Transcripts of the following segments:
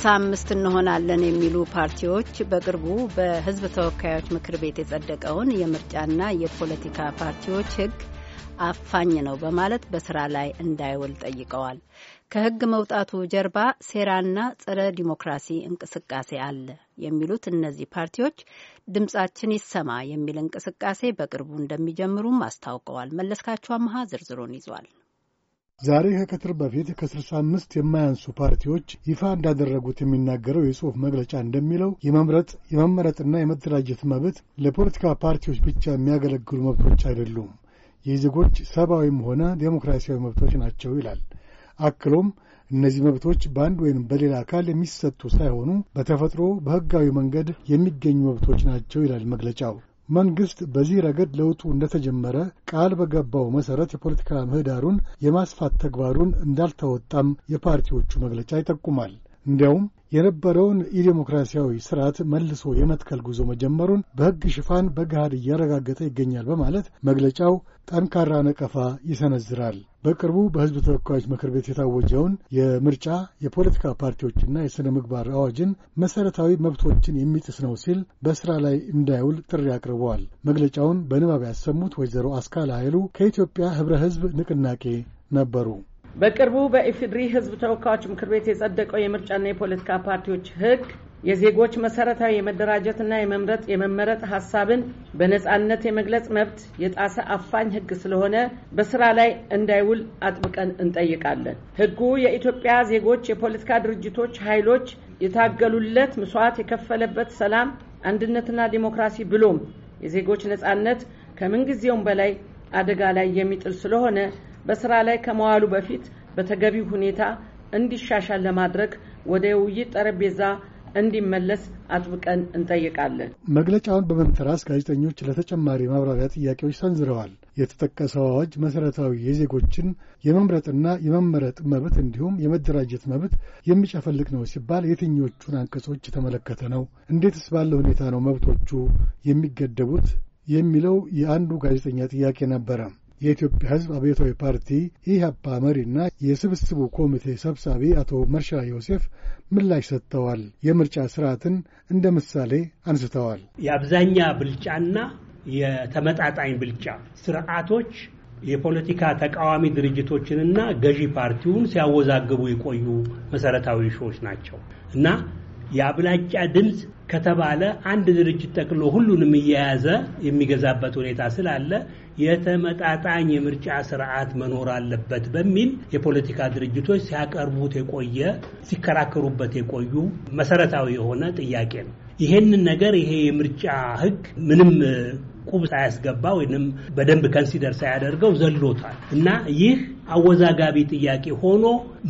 ስልሳ አምስት እንሆናለን የሚሉ ፓርቲዎች በቅርቡ በህዝብ ተወካዮች ምክር ቤት የጸደቀውን የምርጫና የፖለቲካ ፓርቲዎች ህግ አፋኝ ነው በማለት በስራ ላይ እንዳይውል ጠይቀዋል። ከህግ መውጣቱ ጀርባ ሴራና ጸረ ዲሞክራሲ እንቅስቃሴ አለ የሚሉት እነዚህ ፓርቲዎች ድምጻችን ይሰማ የሚል እንቅስቃሴ በቅርቡ እንደሚጀምሩም አስታውቀዋል። መለስካቸው አመሃ ዝርዝሩን ይዟል። ዛሬ ከቀትር በፊት ከ65 የማያንሱ ፓርቲዎች ይፋ እንዳደረጉት የሚናገረው የጽሑፍ መግለጫ እንደሚለው የመምረጥ የመመረጥና የመደራጀት መብት ለፖለቲካ ፓርቲዎች ብቻ የሚያገለግሉ መብቶች አይደሉም፣ የዜጎች ሰብአዊም ሆነ ዴሞክራሲያዊ መብቶች ናቸው ይላል። አክሎም እነዚህ መብቶች በአንድ ወይም በሌላ አካል የሚሰጡ ሳይሆኑ በተፈጥሮ በሕጋዊ መንገድ የሚገኙ መብቶች ናቸው ይላል መግለጫው። መንግሥት በዚህ ረገድ ለውጡ እንደተጀመረ ቃል በገባው መሠረት የፖለቲካ ምህዳሩን የማስፋት ተግባሩን እንዳልተወጣም የፓርቲዎቹ መግለጫ ይጠቁማል። እንዲያውም የነበረውን ኢዴሞክራሲያዊ ስርዓት መልሶ የመትከል ጉዞ መጀመሩን በሕግ ሽፋን በገሃድ እያረጋገጠ ይገኛል በማለት መግለጫው ጠንካራ ነቀፋ ይሰነዝራል። በቅርቡ በሕዝብ ተወካዮች ምክር ቤት የታወጀውን የምርጫ የፖለቲካ ፓርቲዎችና የሥነ ምግባር አዋጅን መሠረታዊ መብቶችን የሚጥስ ነው ሲል በሥራ ላይ እንዳይውል ጥሪ አቅርበዋል። መግለጫውን በንባብ ያሰሙት ወይዘሮ አስካለ ኃይሉ ከኢትዮጵያ ኅብረ ሕዝብ ንቅናቄ ነበሩ። በቅርቡ በኢፌዴሪ ሕዝብ ተወካዮች ምክር ቤት የጸደቀው የምርጫና የፖለቲካ ፓርቲዎች ሕግ የዜጎች መሰረታዊ የመደራጀትና የመምረጥ የመመረጥ ሀሳብን በነጻነት የመግለጽ መብት የጣሰ አፋኝ ህግ ስለሆነ በስራ ላይ እንዳይውል አጥብቀን እንጠይቃለን። ህጉ የኢትዮጵያ ዜጎች፣ የፖለቲካ ድርጅቶች፣ ኃይሎች የታገሉለት መስዋዕት የከፈለበት ሰላም፣ አንድነትና ዲሞክራሲ ብሎም የዜጎች ነጻነት ከምንጊዜውም በላይ አደጋ ላይ የሚጥል ስለሆነ በስራ ላይ ከመዋሉ በፊት በተገቢው ሁኔታ እንዲሻሻል ለማድረግ ወደ ውይይት ጠረጴዛ እንዲመለስ አጥብቀን እንጠይቃለን። መግለጫውን በመንተራስ ጋዜጠኞች ለተጨማሪ ማብራሪያ ጥያቄዎች ሰንዝረዋል። የተጠቀሰው አዋጅ መሠረታዊ የዜጎችን የመምረጥና የመመረጥ መብት እንዲሁም የመደራጀት መብት የሚጨፈልቅ ነው ሲባል የትኞቹን አንቀጾች የተመለከተ ነው? እንዴትስ ባለ ሁኔታ ነው መብቶቹ የሚገደቡት? የሚለው የአንዱ ጋዜጠኛ ጥያቄ ነበረ። የኢትዮጵያ ህዝብ አብዮታዊ ፓርቲ ኢህአፓ መሪና የስብስቡ ኮሚቴ ሰብሳቢ አቶ መርሻ ዮሴፍ ምላሽ ሰጥተዋል። የምርጫ ስርዓትን እንደ ምሳሌ አንስተዋል። የአብዛኛ ብልጫና የተመጣጣኝ ብልጫ ስርዓቶች የፖለቲካ ተቃዋሚ ድርጅቶችንና ገዢ ፓርቲውን ሲያወዛግቡ የቆዩ መሰረታዊ ሾዎች ናቸው እና የአብላጫ ድምፅ ከተባለ አንድ ድርጅት ጠቅሎ ሁሉንም እየያዘ የሚገዛበት ሁኔታ ስላለ የተመጣጣኝ የምርጫ ስርዓት መኖር አለበት በሚል የፖለቲካ ድርጅቶች ሲያቀርቡት የቆየ ሲከራከሩበት የቆዩ መሰረታዊ የሆነ ጥያቄ ነው። ይሄንን ነገር ይሄ የምርጫ ህግ ምንም ቁብ ሳያስገባ ወይም በደንብ ከንሲደር ሳያደርገው ዘሎታል እና ይህ አወዛጋቢ ጥያቄ ሆኖ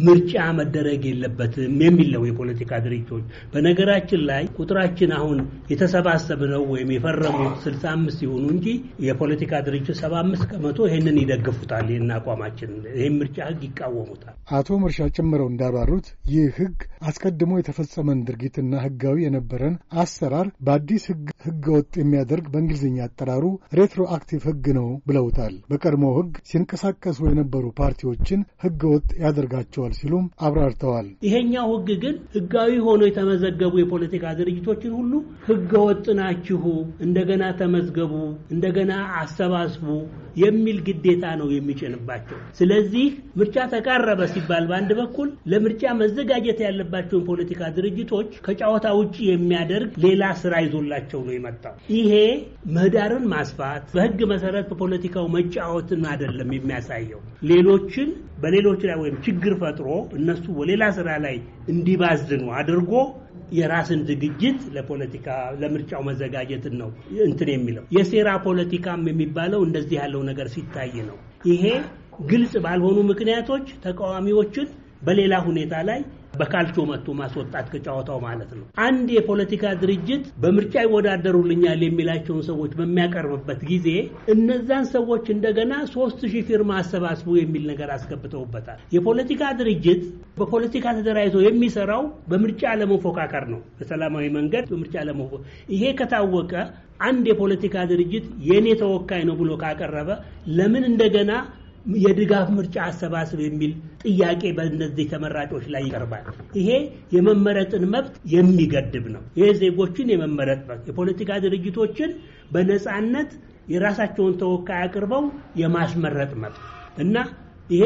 ምርጫ መደረግ የለበትም የሚል ነው የፖለቲካ ድርጅቶች። በነገራችን ላይ ቁጥራችን አሁን የተሰባሰብነው ወይም የፈረሙት ስልሳ አምስት ሲሆኑ እንጂ የፖለቲካ ድርጅት ሰባ አምስት ከመቶ ይህንን ይደግፉታል። ይህን አቋማችን ይህም ምርጫ ህግ ይቃወሙታል። አቶ መርሻ ጨምረው እንዳብራሩት ይህ ህግ አስቀድሞ የተፈጸመን ድርጊትና ህጋዊ የነበረን አሰራር በአዲስ ህግ ህገ ወጥ የሚያደርግ በእንግሊዝኛ አጠራሩ ሬትሮአክቲቭ ህግ ነው ብለውታል። በቀድሞ ህግ ሲንቀሳቀሱ የነበሩ ፓ ፓርቲዎችን ህገወጥ ያደርጋቸዋል ሲሉም አብራርተዋል። ይሄኛው ህግ ግን ህጋዊ ሆኖ የተመዘገቡ የፖለቲካ ድርጅቶችን ሁሉ ህገወጥ ናችሁ፣ እንደገና ተመዝገቡ፣ እንደገና አሰባስቡ የሚል ግዴታ ነው የሚጭንባቸው። ስለዚህ ምርጫ ተቃረበ ሲባል በአንድ በኩል ለምርጫ መዘጋጀት ያለባቸውን ፖለቲካ ድርጅቶች ከጨዋታ ውጭ የሚያደርግ ሌላ ስራ ይዞላቸው ነው የመጣው። ይሄ ምህዳርን ማስፋት በህግ መሰረት በፖለቲካው መጫወትን አይደለም የሚያሳየው ሌሎ ሌሎችን በሌሎች ላይ ወይም ችግር ፈጥሮ እነሱ በሌላ ስራ ላይ እንዲባዝኑ አድርጎ የራስን ዝግጅት ለፖለቲካ ለምርጫው መዘጋጀትን ነው እንትን የሚለው የሴራ ፖለቲካም የሚባለው እንደዚህ ያለው ነገር ሲታይ ነው። ይሄ ግልጽ ባልሆኑ ምክንያቶች ተቃዋሚዎችን በሌላ ሁኔታ ላይ በካልቾ መጥቶ ማስወጣት ከጨዋታው ማለት ነው። አንድ የፖለቲካ ድርጅት በምርጫ ይወዳደሩልኛል የሚላቸውን ሰዎች በሚያቀርብበት ጊዜ እነዛን ሰዎች እንደገና ሶስት ሺህ ፊርማ አሰባስቡ የሚል ነገር አስገብተውበታል። የፖለቲካ ድርጅት በፖለቲካ ተደራጅቶ የሚሰራው በምርጫ ለመፎካከር ነው፣ በሰላማዊ መንገድ በምርጫ ለመፎካከር። ይሄ ከታወቀ አንድ የፖለቲካ ድርጅት የእኔ ተወካይ ነው ብሎ ካቀረበ ለምን እንደገና የድጋፍ ምርጫ አሰባስብ የሚል ጥያቄ በእነዚህ ተመራጮች ላይ ይቀርባል። ይሄ የመመረጥን መብት የሚገድብ ነው። ይህ ዜጎችን የመመረጥ መብት የፖለቲካ ድርጅቶችን በነፃነት የራሳቸውን ተወካይ አቅርበው የማስመረጥ መብት እና ይሄ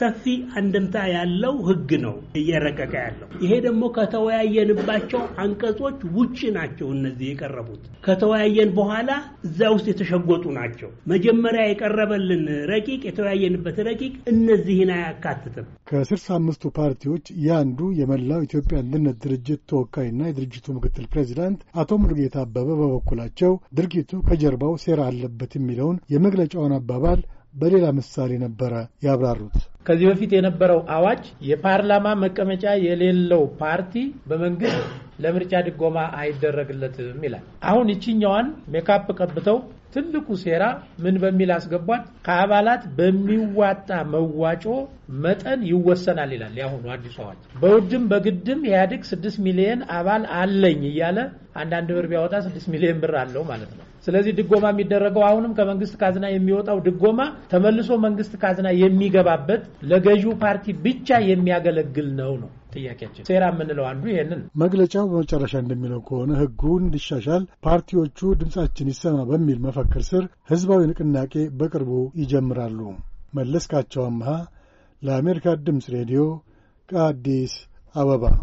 ሰፊ አንድምታ ያለው ህግ ነው እየረቀቀ ያለው። ይሄ ደግሞ ከተወያየንባቸው አንቀጾች ውጭ ናቸው። እነዚህ የቀረቡት ከተወያየን በኋላ እዛ ውስጥ የተሸጎጡ ናቸው። መጀመሪያ የቀረበልን ረቂቅ የተወያየንበት ረቂቅ እነዚህን አያካትትም። ከስልሳ አምስቱ ፓርቲዎች የአንዱ የመላው ኢትዮጵያ አንድነት ድርጅት ተወካይና የድርጅቱ ምክትል ፕሬዚዳንት አቶ ሙሉጌታ አበበ በበኩላቸው ድርጊቱ ከጀርባው ሴራ አለበት የሚለውን የመግለጫውን አባባል በሌላ ምሳሌ ነበረ ያብራሩት። ከዚህ በፊት የነበረው አዋጅ የፓርላማ መቀመጫ የሌለው ፓርቲ በመንግስት ለምርጫ ድጎማ አይደረግለትም ይላል። አሁን ይችኛዋን ሜካፕ ቀብተው ትልቁ ሴራ ምን በሚል አስገቧት? ከአባላት በሚዋጣ መዋጮ መጠን ይወሰናል ይላል ያሁኑ አዲሱ አዋጅ። በውድም በግድም ኢህአዴግ ስድስት ሚሊየን አባል አለኝ እያለ አንዳንድ ብር ቢያወጣ ስድስት ሚሊየን ብር አለው ማለት ነው። ስለዚህ ድጎማ የሚደረገው አሁንም ከመንግስት ካዝና የሚወጣው ድጎማ ተመልሶ መንግስት ካዝና የሚገባበት ለገዢው ፓርቲ ብቻ የሚያገለግል ነው ነው ጥያቄያችን ሴራ የምንለው አንዱ ይሄንን መግለጫው በመጨረሻ እንደሚለው ከሆነ ህጉ እንዲሻሻል ፓርቲዎቹ ድምፃችን ይሰማ በሚል መፈክር ስር ህዝባዊ ንቅናቄ በቅርቡ ይጀምራሉ። መለስካቸው አምሃ ለአሜሪካ ድምፅ ሬዲዮ ከአዲስ አበባ